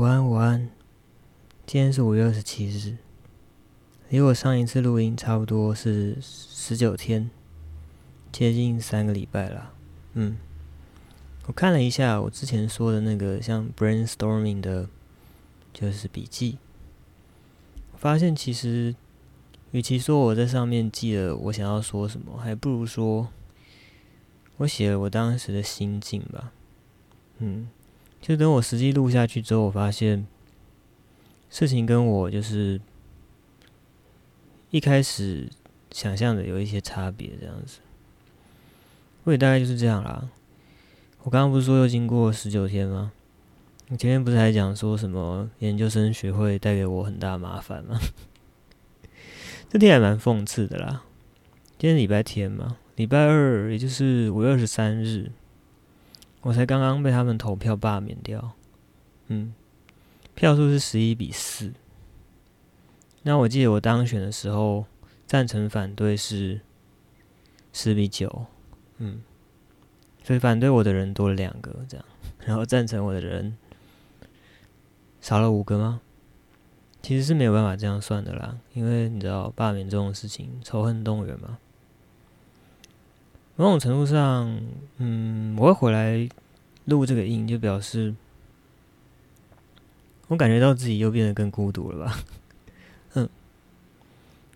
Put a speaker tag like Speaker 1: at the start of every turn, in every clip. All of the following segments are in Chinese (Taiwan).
Speaker 1: 午安，午安。今天是五月二十七日，離我上一次錄音差不多是十九天，接近三個禮拜了。嗯，我看了一下我之前說的那個像 brainstorming 的，就是筆記，發現其實，與其說我在上面記了我想要說什麼，還不如說，我寫了我當時的心境吧。嗯。就等我實際錄下去之後，我發現事情跟我就是一開始想象的有一些差別，這樣子。我也大概就是這樣啦。我剛剛不是說又經過十九天嗎？你前面不是還講說什麼研究生學會帶給我很大麻煩嗎？這天還蠻諷刺的啦。今天禮拜天嘛，禮拜二，也就是五月二十三日。我才剛剛被他們投票罷免掉，嗯，票數是十一比四。那我記得我當選的時候，贊成反對是四比九，嗯，所以反對我的人多了兩個，這樣，然後贊成我的人少了五個嗎？其實是沒有辦法這樣算的啦，因為你知道罷免這種事情，仇恨動員嘛。某種程度上，嗯，我會回來錄這個音，就表示我感覺到自己又變得更孤獨了吧。嗯，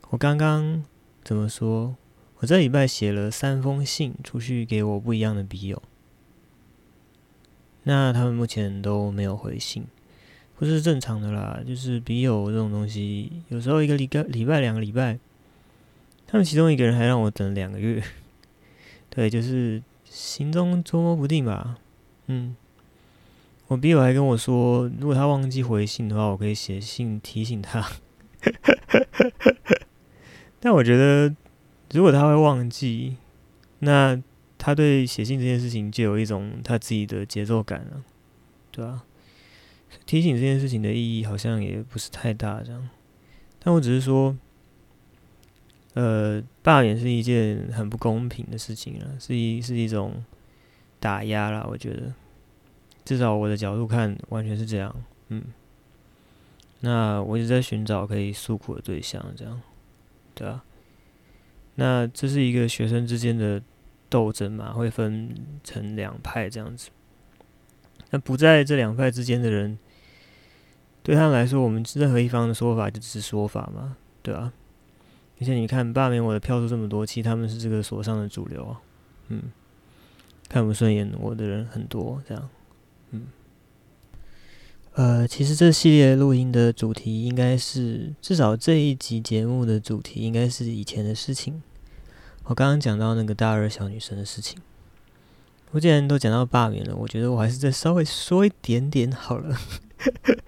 Speaker 1: 我剛剛怎麼說？我這禮拜寫了三封信出去給我不一樣的筆友，那他們目前都沒有回信，不是正常的啦。就是筆友這種東西，有時候一個禮拜、禮拜兩個禮拜，他們其中一個人還讓我等兩個月。對，就是行蹤捉摸不定吧。嗯，我筆友還跟我說，如果他忘記回信的話，我可以寫信提醒他。 但我覺得，如果他會忘記，那他對寫信這件事情就有一種他自己的節奏感了，啊，對吧？啊？提醒這件事情的意義好像也不是太大這樣。但我只是說。呃，罷免是一件很不公平的事情啊，是一是一種打壓啦，我覺得，至少我的角度看，完全是這樣。嗯，那我一直在尋找可以訴苦的對象，這樣，對啊？那這是一個學生之間的鬥爭嘛，會分成兩派這樣子。那不在這兩派之間的人，對他們來說，我們任何一方的說法就只是說法嘛，對吧？而且你看，罷免我的票數這麼多，期，他們是這個所上的主流啊。嗯，看不順眼我的人很多，這樣，嗯。呃，其實這系列錄音的主題應該是，至少這一集節目的主題應該是以前的事情。我剛剛講到那個大二小女生的事情，我既然都講到罷免了，我覺得我還是再稍微說一點點好了。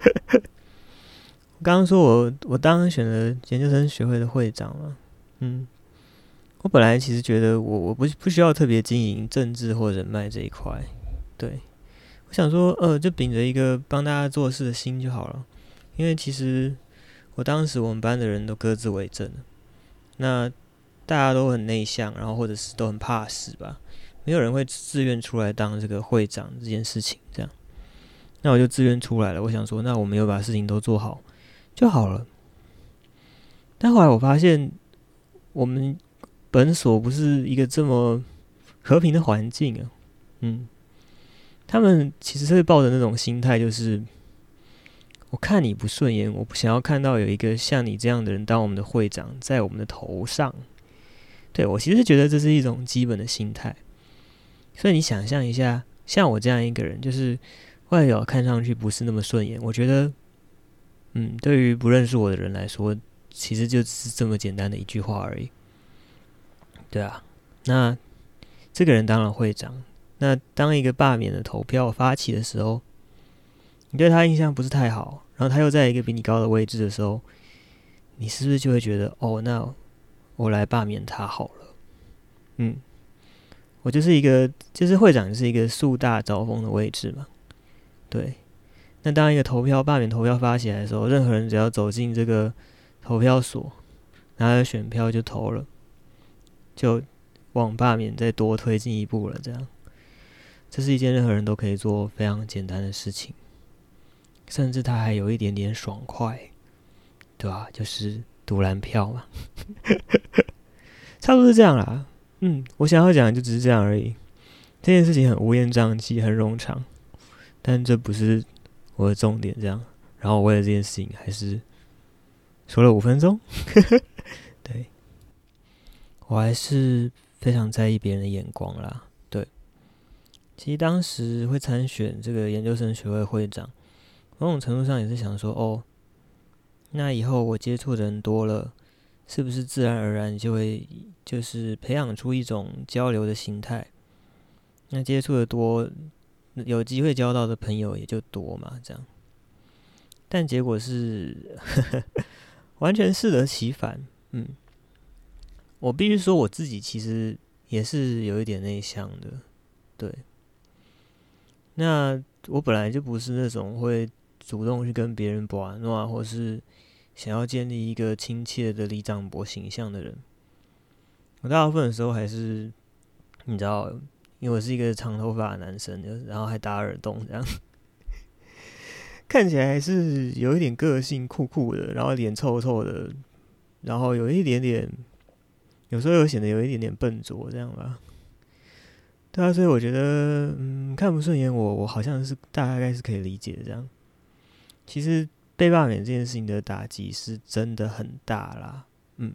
Speaker 1: 剛剛說，我我當選了研究生學會的會長嘛，嗯，我本來其實覺得我我不不需要特別經營政治或人脈這一塊，對，我想說呃就秉着一個幫大家做事的心就好了，因為其實我當時我們班的人都各自為政，那大家都很內向，然後或者是都很怕死吧，沒有人會自願出來當這個會長這件事情這樣，那我就自願出來了，我想說那我沒有把事情都做好。就好了，但後來我發現，我們本所不是一個這麼和平的環境啊。嗯，他們其實是抱着那種心態，就是我看你不順眼，我不想要看到有一個像你這樣的人當我們的會長，在我們的頭上。對，我其實覺得這是一種基本的心態，所以你想象一下，像我這樣一個人，就是外表看上去不是那麼順眼，我覺得。嗯，對於不認識我的人來說，其實就只是這麼簡單的一句話而已。對啊，那這個人當了會長。那當一個罷免的投票發起的時候，你對他印象不是太好，然後他又在一個比你高的位置的時候，你是不是就會覺得，哦，那我來罷免他好了？嗯，我就是一個，就是會長是一個樹大招風的位置嘛，對。那當一個投票罷免投票發起來的時候，任何人只要走進這個投票所，拿着選票就投了，就往罷免再多推進一步了。這樣，這是一件任何人都可以做非常簡單的事情，甚至他還有一點點爽快，對吧？就是獨藍票嘛， 差不多是這樣啦。嗯，我想要講就只是這樣而已。這件事情很烏煙瘴氣，很冗長，但這不是。我的重點這樣，然後我為了這件事情還是說了五分鐘， 對，我還是非常在意別人的眼光啦。對，其實當時會參選這個研究生學會會長，某種程度上也是想說，哦，那以後我接觸的人多了，是不是自然而然就會就是培養出一種交流的心態？那接觸的多。有機會交到的朋友也就多嘛，這樣，但結果是呵呵完全適得其反。嗯，我必須說我自己其實也是有一點內向的，對。那我本來就不是那種會主動去跟別人玩鬧，或是想要建立一個親切的里長伯形象的人。我大部分的時候還是，你知道。因為我是一個長頭髮的男生，就然後還打耳洞這樣， 看起來還是有一點個性酷酷的，然後臉臭臭的，然後有一點點，有時候又顯得有一點點笨拙這樣吧。對啊，所以我覺得，嗯，看不順眼我，我好像是大概是可以理解的這樣。其實被罷免這件事情的打擊是真的很大啦，嗯，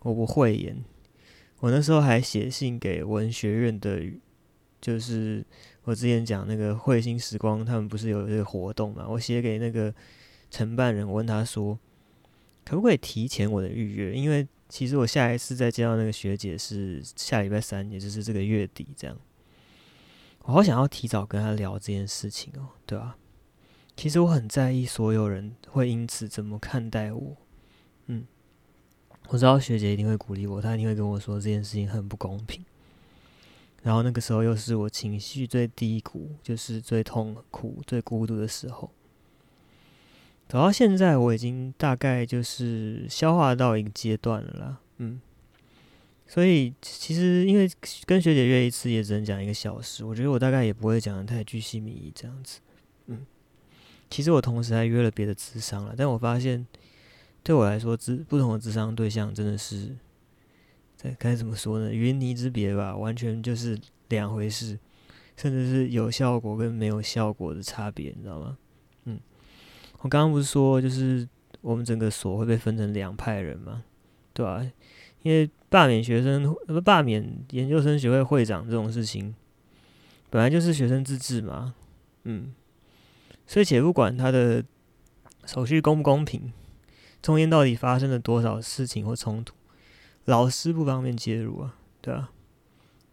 Speaker 1: 我不會演。我那時候還寫信給文學院的，就是我之前講那個彗星時光，他們不是有一個活動嘛？我寫給那個承辦人，我問他說，可不可以提前我的預約？因為其實我下一次再見到那個學姐是下禮拜三，也就是這個月底這樣。我好想要提早跟他聊這件事情哦，對吧？其實我很在意所有人會因此怎麼看待我。我知道學姐一定會鼓勵我，她一定會跟我說這件事情很不公平。然後那個時候又是我情緒最低谷，就是最痛苦、最孤獨的時候。走到現在，我已經大概就是消化到一個階段了啦。嗯，所以其實因為跟學姐約一次也只能講一個小時，我覺得我大概也不會講得太鉅細靡遺這樣子。嗯，其實我同時還約了別的諮商了，但我發現。對我來說，智不同的諮商對象真的是，該該怎麼說呢？雲泥之別吧，完全就是兩回事，甚至是有效果跟沒有效果的差別，你知道嗎？嗯，我剛剛不是說，就是我們整個所會被分成兩派人嘛，對吧、啊？因為罷免學生罷免研究生學會會長這種事情，本來就是學生自治嘛，嗯，所以且不管他的手續公不公平。中間到底發生了多少事情或衝突？老師不方便介入啊，對啊。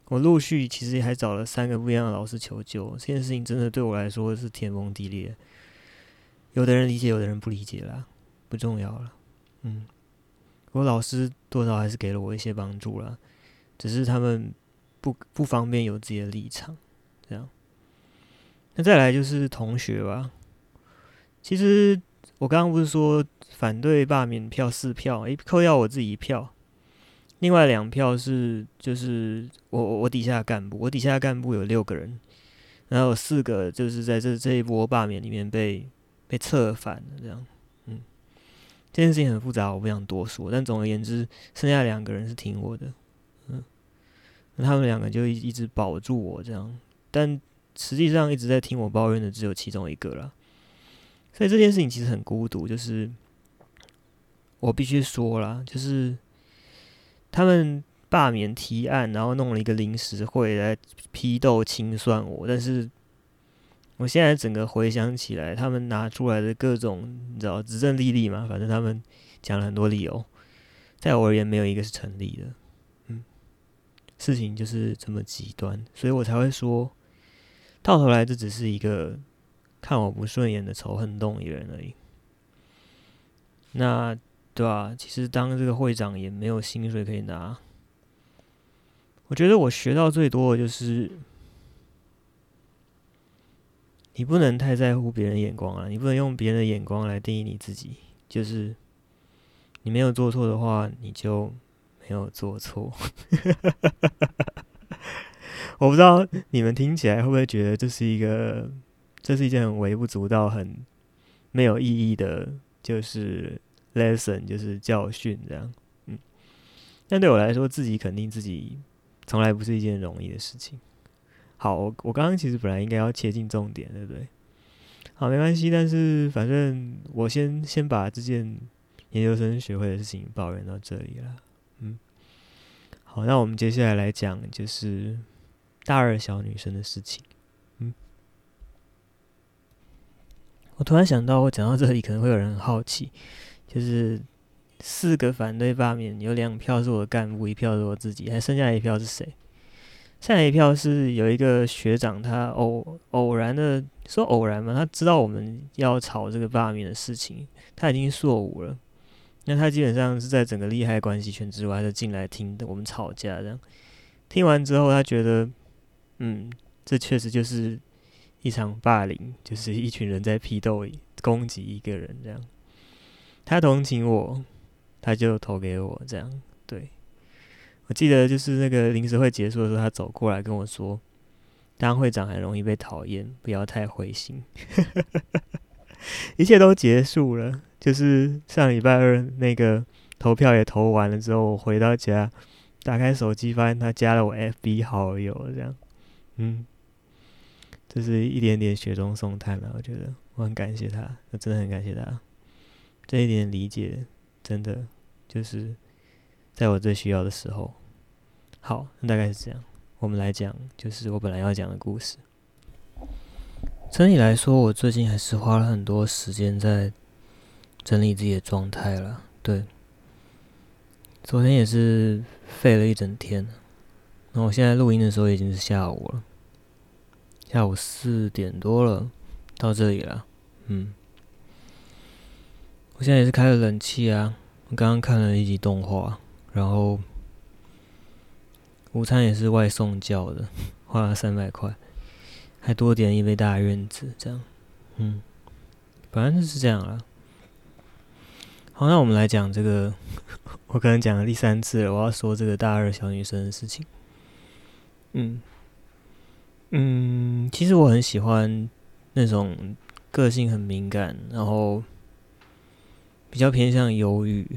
Speaker 1: 我陸續其實還找了三個不一樣的老師求救，這件事情真的對我來說是天崩地裂。有的人理解，有的人不理解啦，不重要了。嗯，我老師多少還是給了我一些幫助啦，只是他們不不方便有自己的立場，這樣，啊。那再來就是同學吧，其實。我剛剛不是說反對罷免票四票？哎、欸，扣掉我自己一票，另外兩票是就是我我底下的幹部，我底下的幹部有六個人，然後四個就是在這這一波罷免裡面被被策反這樣，嗯，這件事情很複雜，我不想多說，但總而言之，剩下兩個人是挺我的，嗯，那他們兩個就一一直保住我這樣，但實際上一直在聽我抱怨的只有其中一個啦。所以這件事情其實很孤獨，就是我必須說啦，就是他們罷免提案，然後弄了一個臨時會來批鬥清算我，但是我現在整個回想起來，他們拿出來的各種你知道執政利弊嘛，反正他們講了很多理由，在我而言沒有一個是成立的，嗯，事情就是這麼極端，所以我才會說，到頭來這只是一個看我不順眼的仇恨動員而已，那對吧、啊？其實當這個會長也沒有薪水可以拿。我覺得我學到最多的就是，你不能太在乎別人的眼光了、啊，你不能用別人的眼光來定義你自己。就是你沒有做錯的話，你就沒有做錯。 我不知道你們聽起來會不會覺得這是一個。這是一件很微不足道，很沒有意義的，就是 lesson，就是教訓這樣。嗯，但對我來說，自己肯定自己從來不是一件容易的事情。好，我我剛剛其實本來應該要切近重點，對不對？好，沒關係，但是反正我先先把這件研究生學會的事情抱怨到這裡了。嗯，好，那我們接下來來講就是大二小女生的事情。我突然想到，我講到這裡，可能會有人很好奇，就是四個反對罷免，有兩票是我的幹部，一票是我自己，還剩下一票是誰？剩下，下一票是有一個學長，他偶偶然的，說偶然嘛，他知道我們要吵這個罷免的事情，他已經碩五了。那他基本上是在整個利害關係圈之外的，進來聽我們吵架這樣。聽完之後，他覺得，嗯，這確實就是。一場霸凌就是一群人在批鬥裡攻擊一個人這樣。他同情我，他就投給我這樣。對，我記得就是那個臨時會結束的時候，他走過來跟我說：“當會長很容易被討厭，不要太灰心。 ”一切都結束了，就是上禮拜二那個投票也投完了之後，我回到家，打開手機發現他加了我 FB 好友這樣。嗯。就是一點點雪中送炭了啊，我覺得我很感謝他，我真的很感謝他。這一點理解真的就是在我最需要的時候。好，那大概是這樣。我們來講，就是我本來要講的故事。整體來說，我最近還是花了很多時間在整理自己的狀態了。對，昨天也是廢了一整天。那我現在錄音的時候已經是下午了。下午四點多了，到這裡了。嗯，我現在也是開了冷氣啊。我剛剛看了一集動畫，然後午餐也是外送叫的，花了三百塊，還多點一杯大院子，這樣。嗯，本來就是這樣了。好，那我們來講這個，我剛才講了第三次了。我要說這個大二小女生的事情。嗯。嗯，其實我很喜歡那種個性很敏感，然後比較偏向憂鬱，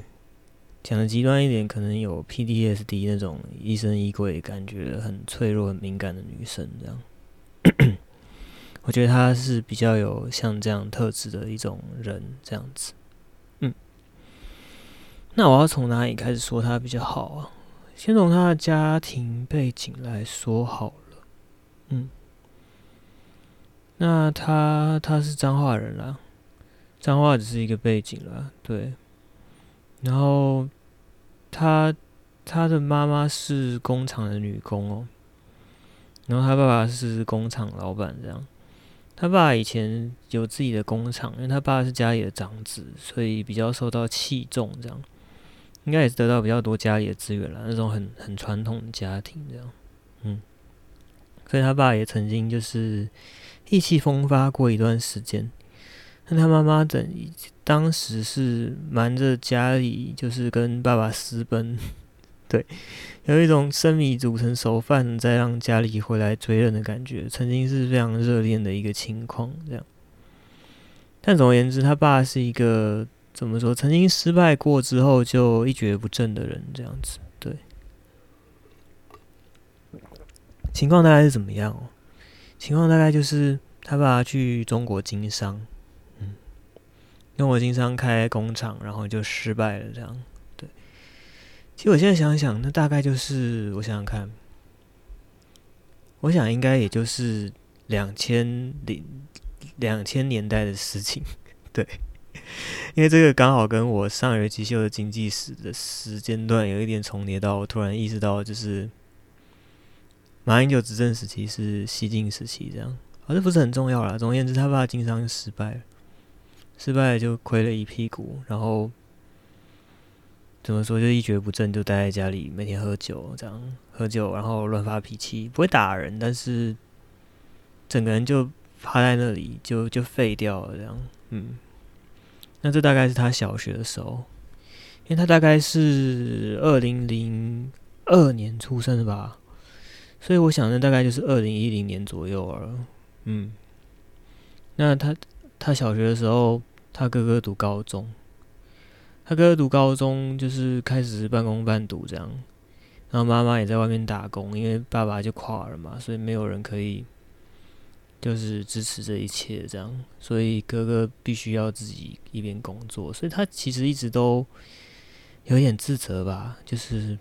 Speaker 1: 講的極端一點，可能有 PTSD 那種疑神疑鬼、感覺很脆弱、很敏感的女生這樣。 我覺得她是比較有像這樣特質的一種人，這樣子。嗯，那我要從哪裡開始說她比較好啊？先從她的家庭背景來說好了。嗯，那他他是彰化人啦，彰化只是一個背景啦，對。然後他他的媽媽是工廠的女工哦，然後他爸爸是工廠老板這樣。他爸以前有自己的工廠，因為他爸是家裡的長子，所以比較受到器重這樣，應該也是得到比較多家裡的資源啦，那種很很傳統的家庭這樣，嗯。所以他爸也曾經就是意氣風發過一段時間，但他媽媽等於當時是瞞着家裡，就是跟爸爸私奔，對，有一種生米煮成熟飯再讓家裡回來追人的感覺，曾經是非常熱戀的一個情況這樣。但總而言之，他爸是一個怎麼說，曾經失敗過之後就一蹶不振的人這樣子。情況大概是怎麼樣，喔？情況大概就是他爸爸去中國經商，嗯，中國經商開工廠，然後就失敗了，這樣。對，其實我現在想想，那大概就是我想想看，我想應該也就是兩千零兩千年代的事情，對，因為這個剛好跟我上學期修的經濟史的時間段有一點重疊到，我突然意識到就是。馬英九執政時期是西晉時期這、哦，這樣好像不是很重要啦，總而言之，他爸經商失敗了，失敗了就虧了一屁股，然後怎麼說就一蹶不振，就待在家裡，每天喝酒，這樣喝酒，然後亂發脾氣，不會打人，但是整個人就趴在那裡，就就廢掉了。這樣，嗯，那這大概是他小學的時候，因為他大概是二零零二年出生的吧。所以我想呢，大概就是二零一零年左右了。嗯，那他他小學的時候，他哥哥讀高中，他哥哥讀高中就是開始半工半讀這樣。然後媽媽也在外面打工，因為爸爸就垮了嘛，所以沒有人可以就是支持這一切這樣。所以哥哥必須要自己一邊工作，所以他其實一直都有點自責吧，就是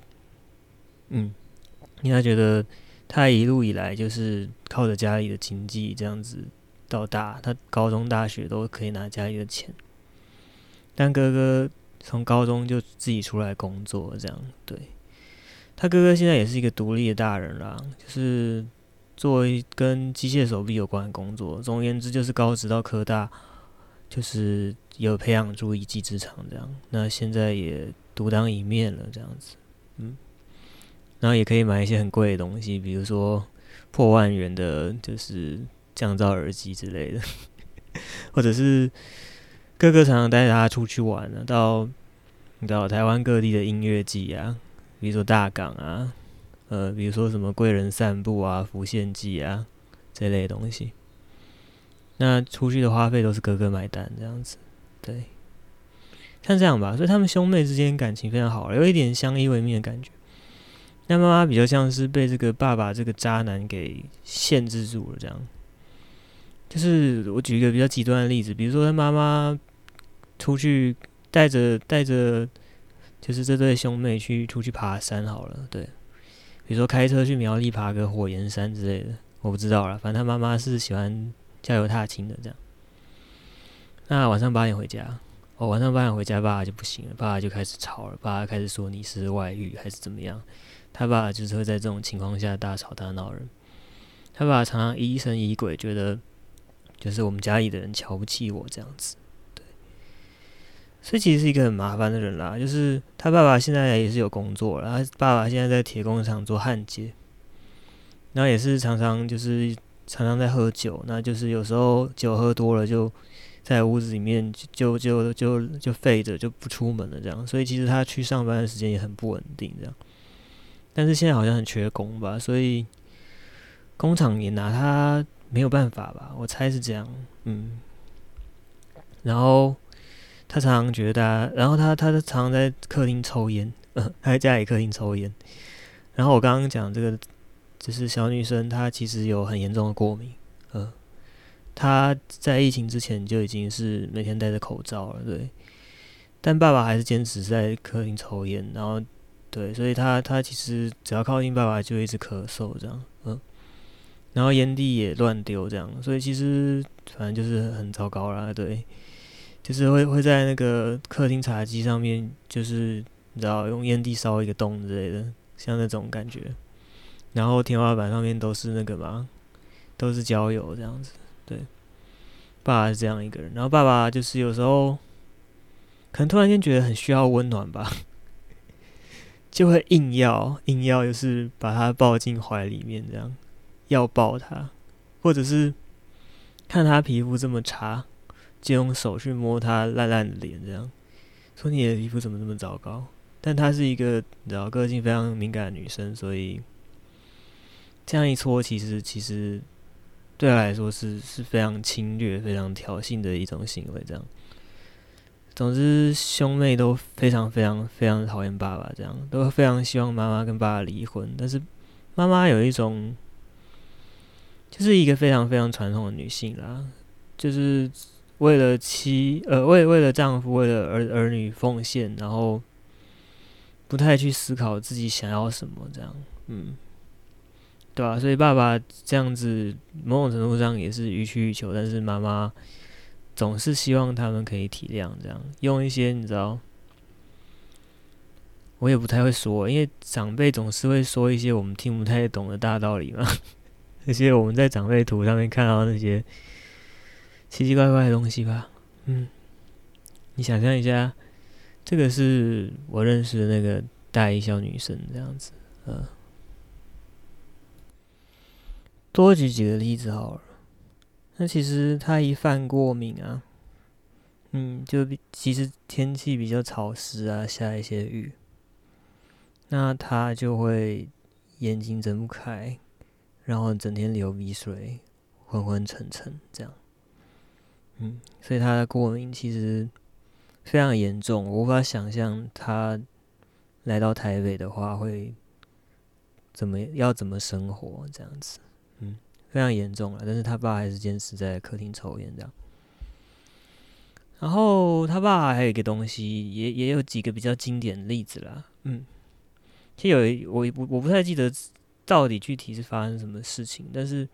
Speaker 1: 嗯，因為他覺得。他一路以來就是靠着家裡的經濟這樣子到大，他高中、大學都可以拿家裡的錢，但哥哥從高中就自己出來工作，這樣，對。他哥哥現在也是一個獨立的大人啦，就是作為跟機械手臂有關的工作，總而言之就是高職到科大，就是有培養出一技之長這樣。那現在也獨當一面了這樣子，嗯。然後也可以買一些很貴的東西，比如說破萬元的，就是降噪耳機之類的，或者是哥哥常常帶着他出去玩啊，到你知道台灣各地的音樂祭啊，比如說大港啊，呃，比如說什麼貴人散步啊、浮現祭啊這類的東西，那出去的花費都是哥哥買單，這樣子，對，像這樣吧。所以他們兄妹之間感情非常好，有一點相依為命的感覺。那媽媽比較像是被這個爸爸這個渣男給限制住了，這樣。就是我舉一個比較極端的例子，比如說他媽媽出去帶着帶着，就是這對兄妹去出去爬山好了，對。比如說開車去苗栗爬個火炎山之類的，我不知道啦。反正他媽媽是喜歡郊遊踏青的這樣。那晚上八點回家，哦，晚上八點回家，爸爸就不行了，爸爸就開始吵了，爸爸開始說你是外遇還是怎麼樣？他爸就是會在這種情況下大吵大鬧，人。他爸爸常常疑神疑鬼，覺得就是我們家裡的人瞧不起我這樣子，對。所以其實是一個很麻煩的人啦。就是他爸爸現在也是有工作了，他爸爸現在在鐵工廠做焊接，然後也是常常就是常常在喝酒，那就是有時候酒喝多了就在屋子裡面就就就就廢着，就不出門了這樣。所以其實他去上班的時間也很不穩定這樣。但是現在好像很缺工吧，所以工廠也拿他沒有辦法吧，我猜是這樣，嗯。然後他常常覺得，然後他他常常在客廳抽煙，呃，他在家裡客廳抽煙。然後我剛剛講這個，就是小女生她其實有很嚴重的過敏，嗯，她在疫情之前就已經是每天戴着口罩了，對。但爸爸還是堅持在客廳抽煙，然後。對，所以他他其實只要靠近爸爸就一直咳嗽這樣，嗯，然後菸蒂也亂丟這樣，所以其實反正就是很糟糕啦。對，就是會會在那個客廳茶幾上面，就是你知道用菸蒂燒一個洞之類的，像那種感覺。然後天花板上面都是那個嘛，都是焦油這樣子。對，爸爸是這樣一個人。然後爸爸就是有時候可能突然間覺得很需要溫暖吧。就會硬要硬要，就是把她抱進懷裡面，這樣要抱她，或者是看她皮膚這麼差，就用手去摸她爛爛的臉，這樣說你的皮膚怎麼這麼糟糕？但她是一個你知道個性非常敏感的女生，所以這樣一搓，其實其實對她來說是是非常侵略、非常挑釁的一種行為，這樣。總之，兄妹都非常、非常、非常討厭爸爸，這樣都非常希望媽媽跟爸爸離婚。但是，媽媽有一種，就是一個非常非常傳統的女性啦，就是為了妻，呃，為為了丈夫，為了兒兒女奉獻，然後不太去思考自己想要什麼這樣，嗯，對吧、啊？所以爸爸這樣子，某種程度上也是予取予求，但是媽媽。總是希望他們可以體諒，這樣用一些你知道，我也不太會說，因為長輩總是會說一些我們聽不太懂的大道理嘛。那 些我們在長輩圖上面看到那些奇奇怪怪的東西吧，嗯，你想象一下，這個是我認識的那個大一小女生這樣子，嗯，多舉幾個例子好了。那其實他一犯過敏啊，嗯，就比其實天氣比較潮濕啊，下一些雨，那他就會眼睛睜不開，然後整天流鼻水，昏昏沉沉這樣。嗯，所以他的過敏其實非常嚴重，我無法想象他來到台北的話會怎麼，要怎麼生活這樣子。嗯。非常嚴重了，但是他爸還是堅持在客廳抽煙這樣。然後他爸還有一個東西，也也有幾個比較經典的例子啦，嗯，其實有一我我不我不太記得到底具體是發生什麼事情，但是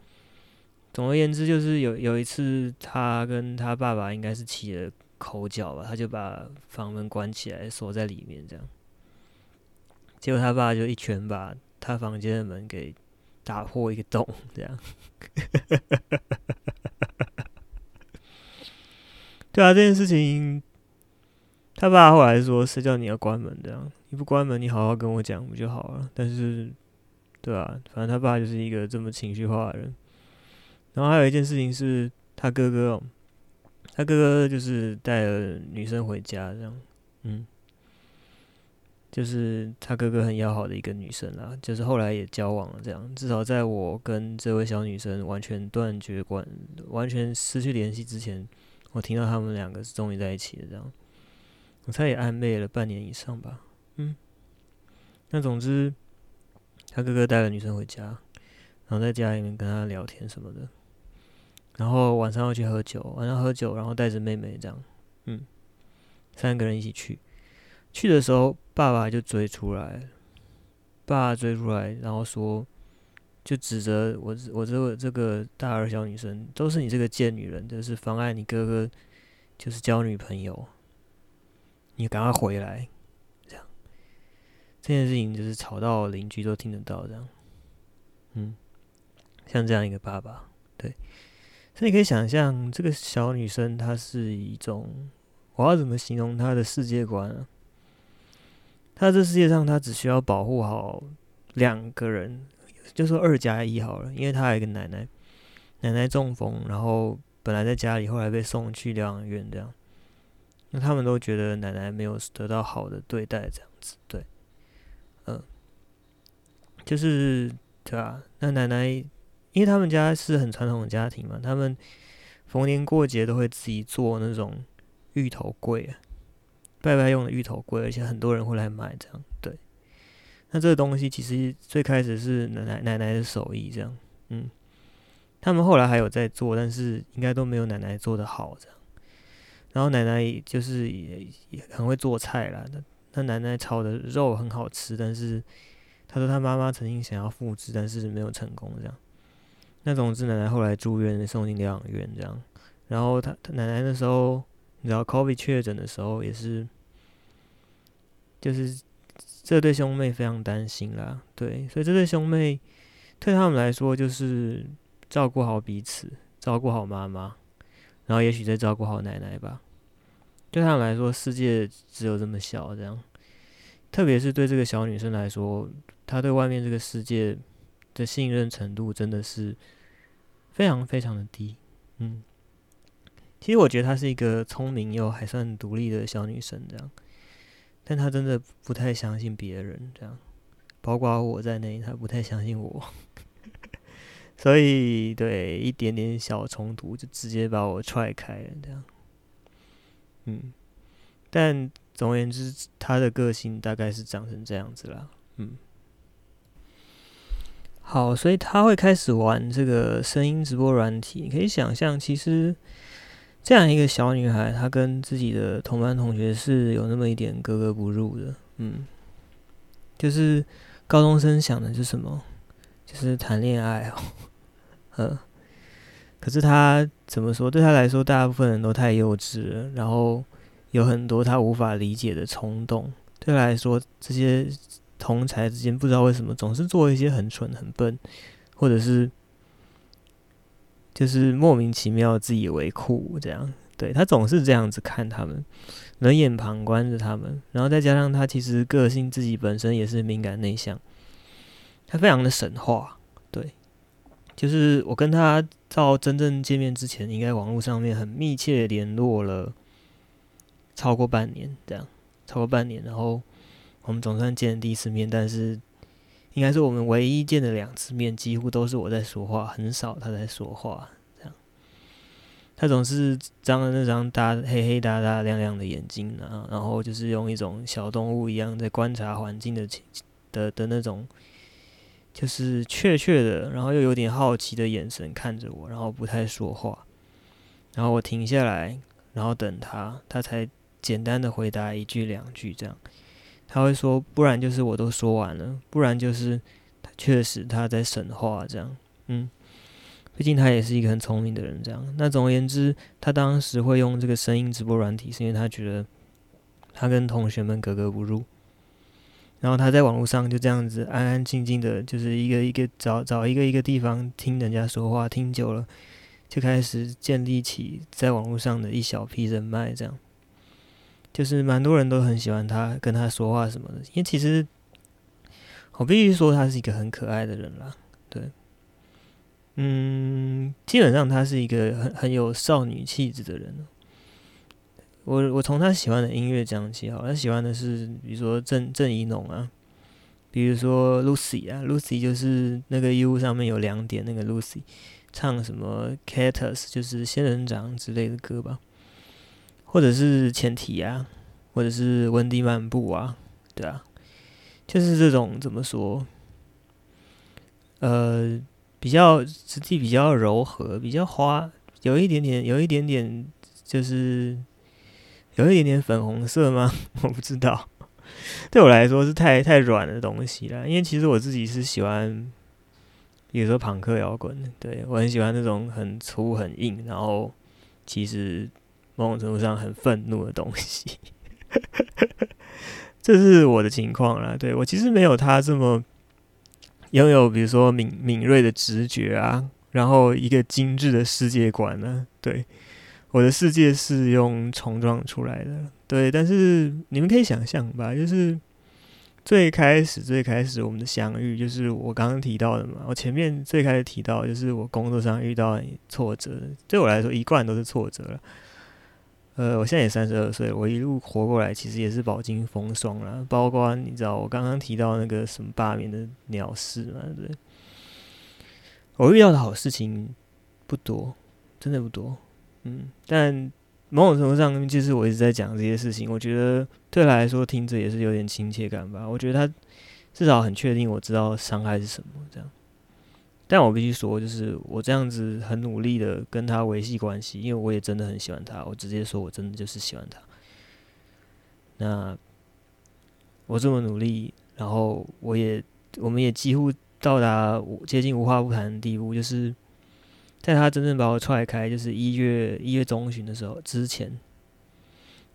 Speaker 1: 總而言之就是有有一次他跟他爸爸應該是起了口角吧，他就把房門關起來鎖在裡面這樣，結果他爸就一拳把他房間的門給。打破一個洞，這樣。 對啊，這件事情，他爸後來說，誰叫你要關門，這樣你不關門，你好好跟我講不就好了？但是，對啊，反正他爸就是一個這麼情緒化的人。然後還有一件事情是，他哥哥、哦，他哥哥就是帶了女生回家，這樣，嗯。就是他哥哥很要好的一個女生啦，就是後來也交往了這樣。至少在我跟這位小女生完全斷絕關、完全失去聯繫之前，我聽到他們兩個是終於在一起了這樣。我猜也曖昧了半年以上吧，嗯。那總之，他哥哥帶了女生回家，然後在家裡面跟他聊天什麼的，然後晚上要去喝酒，晚上喝酒然後帶着妹妹這樣，嗯，三個人一起去。去的時候，爸爸就追出來，爸爸追出來，然後說，就指責我，我這個這個大二小女生都是你這個賤女人，就是妨礙你哥哥就是交女朋友，你趕快回來。這樣這件事情就是吵到鄰居都聽得到，這樣，嗯，像這樣一個爸爸，對，所以你可以想象這個小女生她是一種，我要怎麼形容她的世界觀啊？他這世界上，他只需要保護好兩個人，就說二加一好了，因為他還有個奶奶，奶奶中風，然後本來在家裡，後來被送去療養院這樣。那他們都覺得奶奶沒有得到好的對待，這樣子，對，嗯、呃，就是對吧、啊？那奶奶，因為他們家是很傳統的家庭嘛，他們逢年過節都會自己做那種芋頭粿。拜拜用的芋頭粿，而且很多人會來買，這樣，對。那這個東西其實最開始是奶奶奶奶的手藝，這樣，嗯。他們後來還有在做，但是應該都沒有奶奶做得好，這樣。然後奶奶就是也也很會做菜啦。那那奶奶炒的肉很好吃，但是她說她媽媽曾經想要複製，但是沒有成功，這樣。那總之，奶奶後來住院，送進療養院，這樣。然後她她奶奶那時候。然後 COVID 確診的時候也是，就是這對兄妹非常擔心啦。對，所以這對兄妹對他們來說，就是照顧好彼此，照顧好媽媽，然後也許再照顧好奶奶吧。對他們來說，世界只有這麼小，這樣。特別是對這個小女生來說，她對外面這個世界的信任程度真的是非常非常的低。嗯。其實我覺得她是一個聰明又還算獨立的小女生，這樣。但她真的不太相信別人，這樣，包括我在內，她不太相信我。 所以，對，一點點小衝突，就直接把我踹開了，這樣。嗯。但總而言之，她的個性大概是長成這樣子啦。嗯。好，所以她會開始玩這個聲音直播軟體，你可以想象，其實。這樣一個小女孩，她跟自己的同班同學是有那麼一點格格不入的，嗯，就是高中生想的是什麼？就是談戀愛啊、哦，嗯，可是她怎麼說？對她來說，大部分人都太幼稚了，然後有很多她無法理解的衝動。對她來說，這些同儕之間不知道為什麼總是做一些很蠢、很笨，或者是。就是莫名其妙自以為酷這樣，對，他總是這樣子看他們，冷眼旁觀着他們，然後再加上他其實個性自己本身也是敏感內向，他非常的神話，對，就是我跟他到真正見面之前，應該網絡上面很密切聯絡了超過半年這樣，超過半年，然後我們總算見第一次面，但是。應該是我們唯一見的兩次面，幾乎都是我在說話，很少他在說話。這樣，他總是張着那張大黑黑、大大亮亮的眼睛，然後，然後就是用一種小動物一樣在觀察環境的、的的那種，就是怯怯的，然後又有點好奇的眼神看着我，然後不太說話。然後我停下來，然後等他，他才簡單的回答一句兩句這樣。他會說，不然就是我都說完了，不然就是他確實他在神話這樣，嗯，畢竟他也是一個很聰明的人這樣。那總而言之，他當時會用這個聲音直播軟體，是因為他覺得他跟同學們格格不入，然後他在網絡上就這樣子安安靜靜的，就是一個一個找，找一個一個地方聽人家說話，聽久了就開始建立起在網絡上的一小批人脈這樣。就是蠻多人都很喜歡他，跟他說話什麼的。因為其實我必須說，他是一個很可愛的人啦。對，嗯，基本上他是一個很很有少女氣質的人。我我從他喜歡的音樂講起，好，他喜歡的是比如說鄭鄭宜農啊，比如說 Lucy 啊，Lucy 就是那個 U 上面有兩點那個 Lucy，唱什麼 Cactus 就是仙人掌之類的歌吧。或者是前提啊，或者是溫迪漫步啊，對啊，就是這種怎麼說？呃，比較質地比較柔和，比較花，有一點點，有一點點，就是有一點點粉紅色嗎？ 我不知道。 對我來說是太太軟的東西啦，因為其實我自己是喜歡，比如說朋克搖滾，對，我很喜歡那種很粗很硬，然後其實。某種程度上很憤怒的東西， 這是我的情況啦。對我其實沒有他這麼擁有，比如說敏敏銳的直覺啊，然後一個精緻的世界觀呢、啊。對我的世界是用重裝出來的。對，但是你們可以想象吧，就是最開始最開始我們的相遇，就是我剛剛提到的嘛。我前面最開始提到，就是我工作上遇到挫折，對我來說一貫都是挫折了。呃，我現在也三十二歲，我一路活過來，其實也是飽經風霜了。包括你知道，我剛剛提到那個什麼罷免的鳥事嘛，對。我遇到的好事情不多，真的不多。嗯，但某種程度上，就是我一直在講這些事情，我覺得對他來說聽着也是有點親切感吧。我覺得他至少很確定，我知道傷害是什麼，這樣。但我必須說，就是我這樣子很努力的跟他維繫關係，因為我也真的很喜歡他。我直接說，我真的就是喜歡他。那我這麼努力，然後我也，我們也幾乎到達接近無話不談的地步。就是在他真正把我踹開，就是一月一月中旬的時候之前，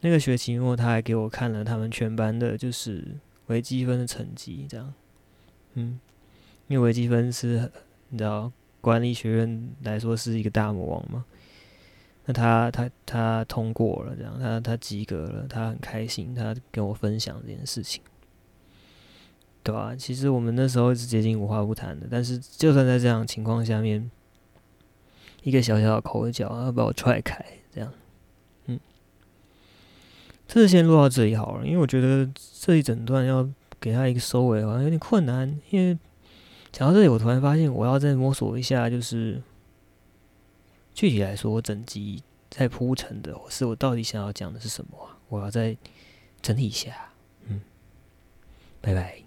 Speaker 1: 那個學期末他還給我看了他們全班的就是微積分的成績，這樣。嗯，因為微積分是。你知道管理學院來說是一個大魔王嗎？那他他他，他通過了，這樣他他及格了，他很開心，他跟我分享這件事情，對吧，啊。其實我們那時候一直接近無話不談的，但是就算在這樣情況下面，一個小小的口角，他要把我踹開，這樣，嗯，這次先錄到這裡好了，因為我覺得這一整段要給他一個收尾好像有點困難，因為。講到這裡，我突然發現我要再摸索一下，就是具體來說，整集在鋪陳的是我到底想要講的是什麼，啊，我要再整理一下。嗯，拜拜。